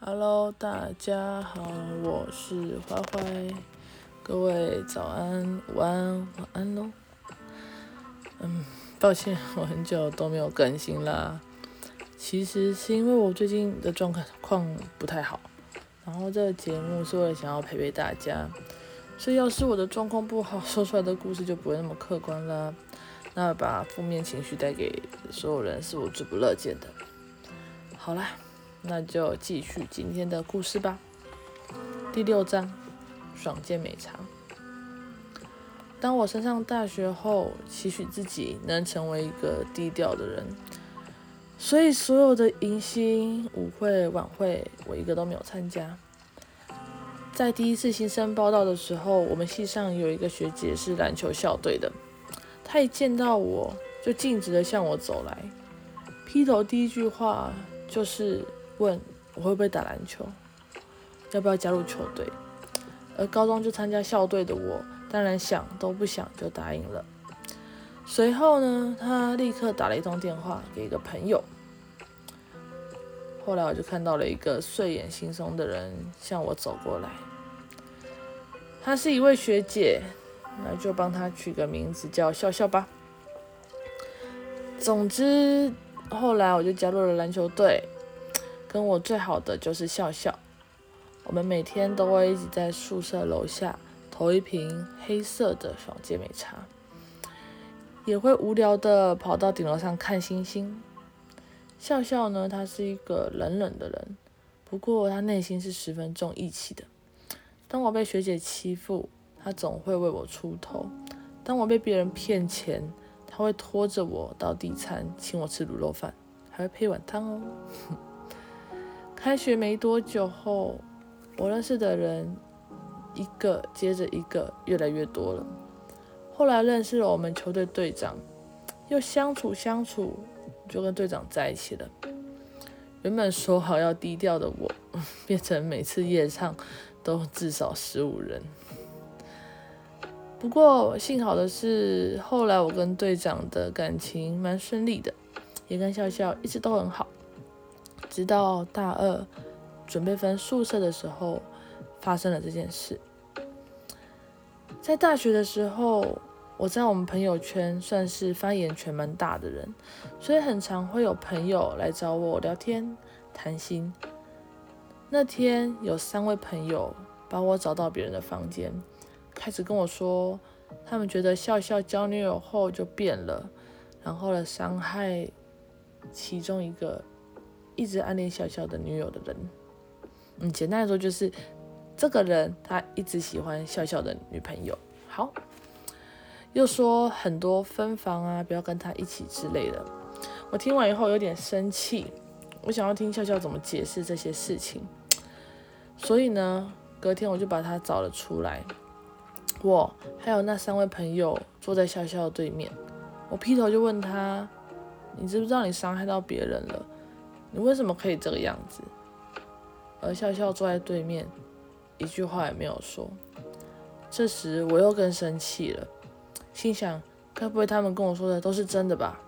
Hello，大家好，我是花花，各位早安、午安、晚安嘍。嗯，抱歉，我很久都沒有更新啦。其實是因為我最近的狀況不太好，然後這個節目是為了想要陪陪大家，所以要是我的狀況不好，說出來的故事就不會那麼客觀啦。那把負面情緒帶給所有人是我最不樂見的。好啦。那就繼續今天的故事吧。第六章，爽健美茶。當我升上大學後，期許自己能成為一個低調的人，所以所有的迎新舞會晚會，我一個都沒有參加。在第一次新生報到的時候，我們系上有一個學姐是籃球校隊的，她一見到我就徑直的向我走來，劈頭第一句話就是，問我會不會打籃球，要不要加入球隊？而高中就參加校隊的我，當然想都不想就答應了。隨後呢，他立刻打了一通電話給一個朋友。後來我就看到了一個睡眼惺忪的人向我走過來，他是一位學姐，那就幫他取個名字叫笑笑吧。總之後來我就加入了籃球隊。跟我最好的就是笑笑，我們每天都會一直在宿舍樓下投一瓶黑色的爽健美茶，也會無聊的跑到頂樓上看星星。笑笑呢，他是一個冷冷的人，不過他內心是十分重義氣的。當我被學姐欺負，他總會為我出頭；當我被別人騙錢，他會拖着我到地攤請我吃滷肉飯，還會配碗湯哦。開學沒多久後，我認識的人一個接着一個，越來越多了。後來認識了我們球隊隊長，又相處相處，就跟隊長在一起了。原本說好要低調的我，變成每次夜唱都至少十五人。不過幸好的是，後來我跟隊長的感情蠻順利的，也跟笑笑一直都很好。直到大二準備分宿舍的時候，發生了這件事。在大學的時候，我在我們朋友圈算是發言權蠻大的人，所以很常會有朋友來找我聊天談心。那天有三位朋友把我找到別人的房間，開始跟我說，他們覺得笑笑交女友後就變了，然後了傷害其中一個。一直暗戀笑笑的女友的人，嗯，簡單來說就是，這個人他一直喜歡笑笑的女朋友。好，又說很多分房啊，不要跟他一起之類的。我聽完以後有點生氣，我想要聽笑笑怎麼解釋這些事情。所以呢，隔天我就把他找了出來，我還有那三位朋友坐在笑笑的對面，我劈頭就問他：“你知不知道你傷害到別人了？”你為什麼可以這個樣子？而笑笑坐在對面，一句話也沒有說。這時我又更生氣了，心想：該不會他們跟我說的都是真的吧？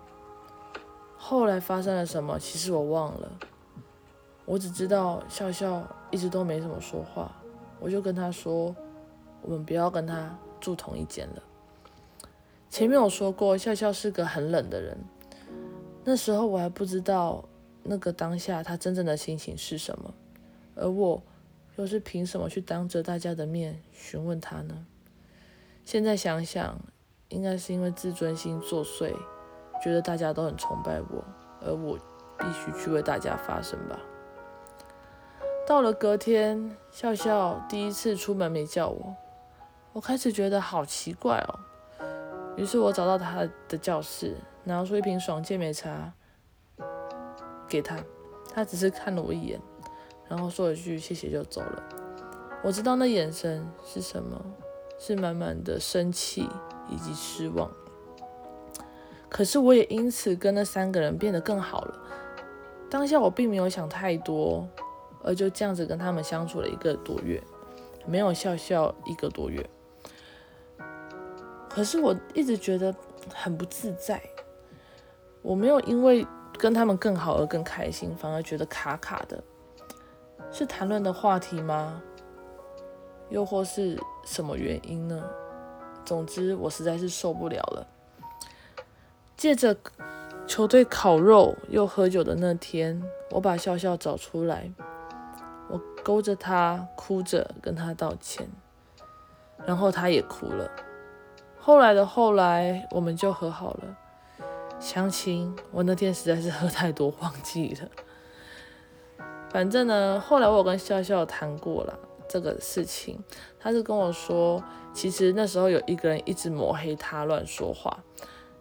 後來發生了什麼，其實我忘了。我只知道笑笑一直都沒怎麼說話，我就跟他說：我們不要跟他住同一間了。前面我說過，笑笑是個很冷的人。那時候我還不知道。那個當下，他真正的心情是什麼？而我又是憑什麼去當着大家的面詢問他呢？現在想想，應該是因為自尊心作祟，覺得大家都很崇拜我，而我必須去為大家發聲吧。到了隔天，笑笑第一次出門沒叫我，我開始覺得好奇怪哦。於是我找到他的教室，拿出一瓶爽健美茶。給他，他只是看了我一眼，然後說了一句謝謝就走了。我知道那眼神是什麼，是滿滿的生氣以及失望。可是我也因此跟那三個人變得更好了。當下我並沒有想太多，而就這樣子跟他們相處了一個多月，沒有笑笑一個多月。可是我一直覺得很不自在，我沒有因為跟他們更好而更開心，反而覺得卡卡的，是談論的話題嗎？又或是什麼原因呢？總之，我實在是受不了了。借着球隊烤肉又喝酒的那天，我把笑笑找出來，我勾着他哭着跟他道歉，然後他也哭了。後來的後來，我們就和好了。相親，我那天實在是喝太多，忘記了。反正呢，後來我有跟笑笑談過了這個事情，他是跟我說，其實那時候有一個人一直抹黑他，亂說話。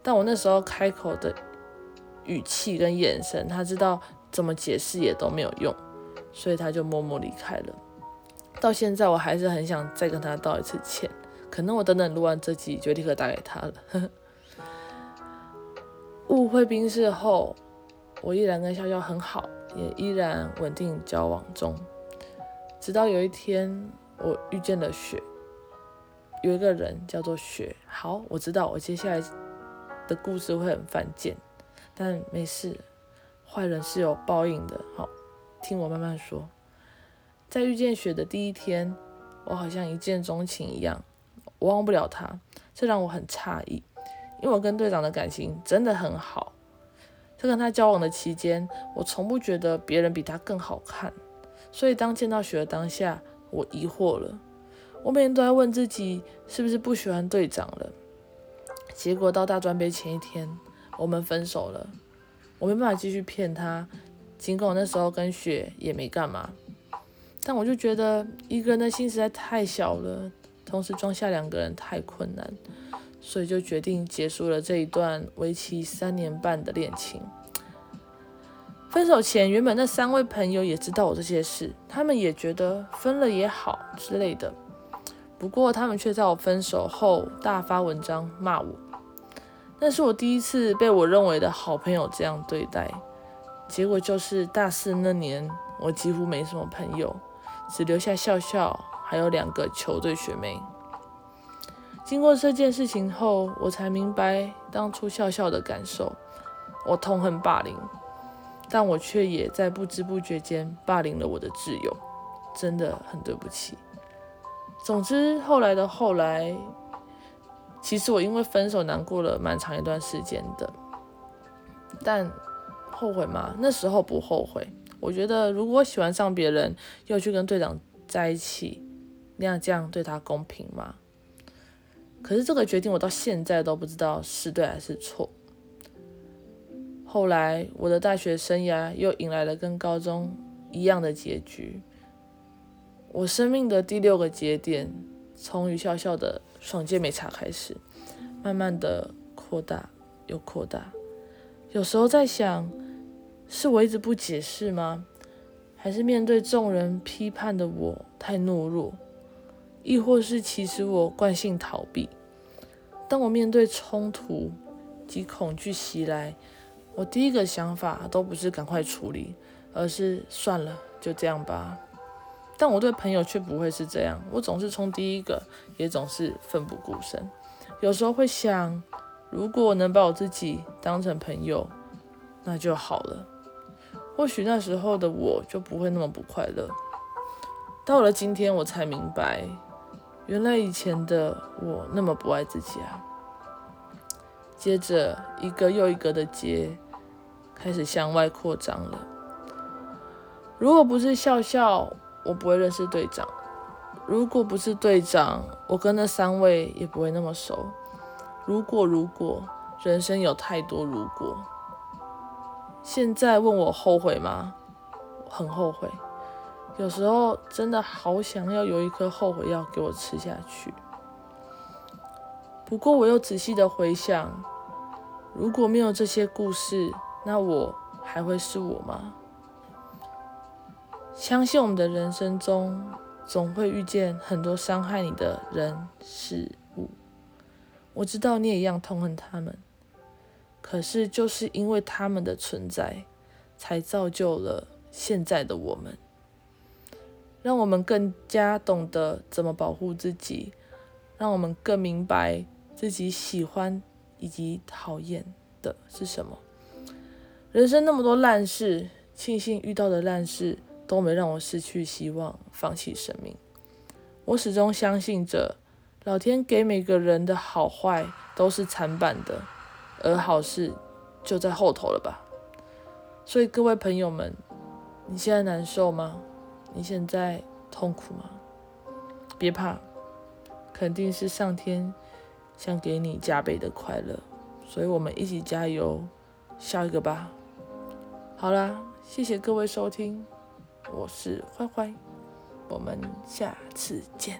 但我那時候開口的語氣跟眼神，他知道怎麼解釋也都沒有用，所以他就默默離開了。到現在我還是很想再跟他道一次歉，可能我等等錄完這集，就立刻打給他了。誤會冰釋後，我依然跟笑笑很好，也依然穩定交往中。直到有一天，我遇見了雪，有一個人叫做雪。好，我知道我接下來的故事會很犯賤，但沒事，壞人是有報應的。好，聽我慢慢說。在遇見雪的第一天，我好像一見鍾情一樣，我忘不了他，這讓我很詫異。因為我跟隊長的感情真的很好，在跟他交往的期間，我從不覺得別人比他更好看。所以當見到雪的當下，我疑惑了。我每天都在問自己，是不是不喜歡隊長了？結果到大專杯前一天，我們分手了。我沒辦法繼續騙他，儘管我那時候跟雪也沒幹嘛。但我就覺得一個人的心實在太小了，同時裝下兩個人太困難。所以就決定結束了這一段為期三年半的戀情。分手前，原本那三位朋友也知道我這些事，他們也覺得分了也好之類的。不過他們卻在我分手後大發文章罵我。那是我第一次被我認為的好朋友這樣對待。結果就是大四那年，我幾乎沒什麼朋友，只留下笑笑還有兩個球隊學妹。經過這件事情後，我才明白當初笑笑的感受。我痛恨霸凌，但我卻也在不知不覺間霸凌了我的摯友，真的很對不起。總之後來的後來，其實我因為分手難過了蠻長一段時間的。但後悔嗎？那時候不後悔。我覺得如果喜歡上別人，又去跟隊長在一起，那樣這樣對他公平嗎？可是這個決定，我到現在都不知道是對還是錯。後來，我的大學生涯又迎來了跟高中一樣的結局。我生命的第六個節點，從於笑笑的爽健美茶開始，慢慢的擴大，又擴大。有時候在想，是我一直不解釋嗎？還是面對眾人批判的我太懦弱？亦或是，其實我慣性逃避。當我面對衝突及恐懼襲來，我第一個想法都不是趕快處理，而是算了，就這樣吧。但我對朋友卻不會是這樣，我總是衝第一個，也總是奮不顧身。有時候會想，如果能把我自己當成朋友，那就好了。或許那時候的我就不會那麼不快樂。到了今天，我才明白。原來以前的我那麼不愛自己啊！接着一個又一個的結開始向外擴張了。如果不是笑笑，我不會認識隊長；如果不是隊長，我跟那三位也不會那麼熟。如果如果，人生有太多如果。現在問我後悔嗎？很後悔。有時候真的好想要有一顆後悔藥給我吃下去。不過我又仔細的回想，如果沒有這些故事，那我還會是我嗎？相信我們的人生中總會遇見很多傷害你的人事物。我知道你也一樣痛恨他們，可是就是因為他們的存在，才造就了現在的我們。讓我們更加懂得怎麼保護自己，讓我們更明白自己喜歡以及討厭的是什麼。人生那麼多爛事，慶幸遇到的爛事都沒讓我失去希望、放棄生命。我始終相信着，老天給每個人的好壞都是參半的，而好事就在後頭了吧。所以各位朋友們，你現在難受嗎？你現在痛苦嗎？別怕，肯定是上天想給你加倍的快樂，所以我們一起加油，笑一個吧。好啦，謝謝各位收聽，我是壞壞，我們下次見。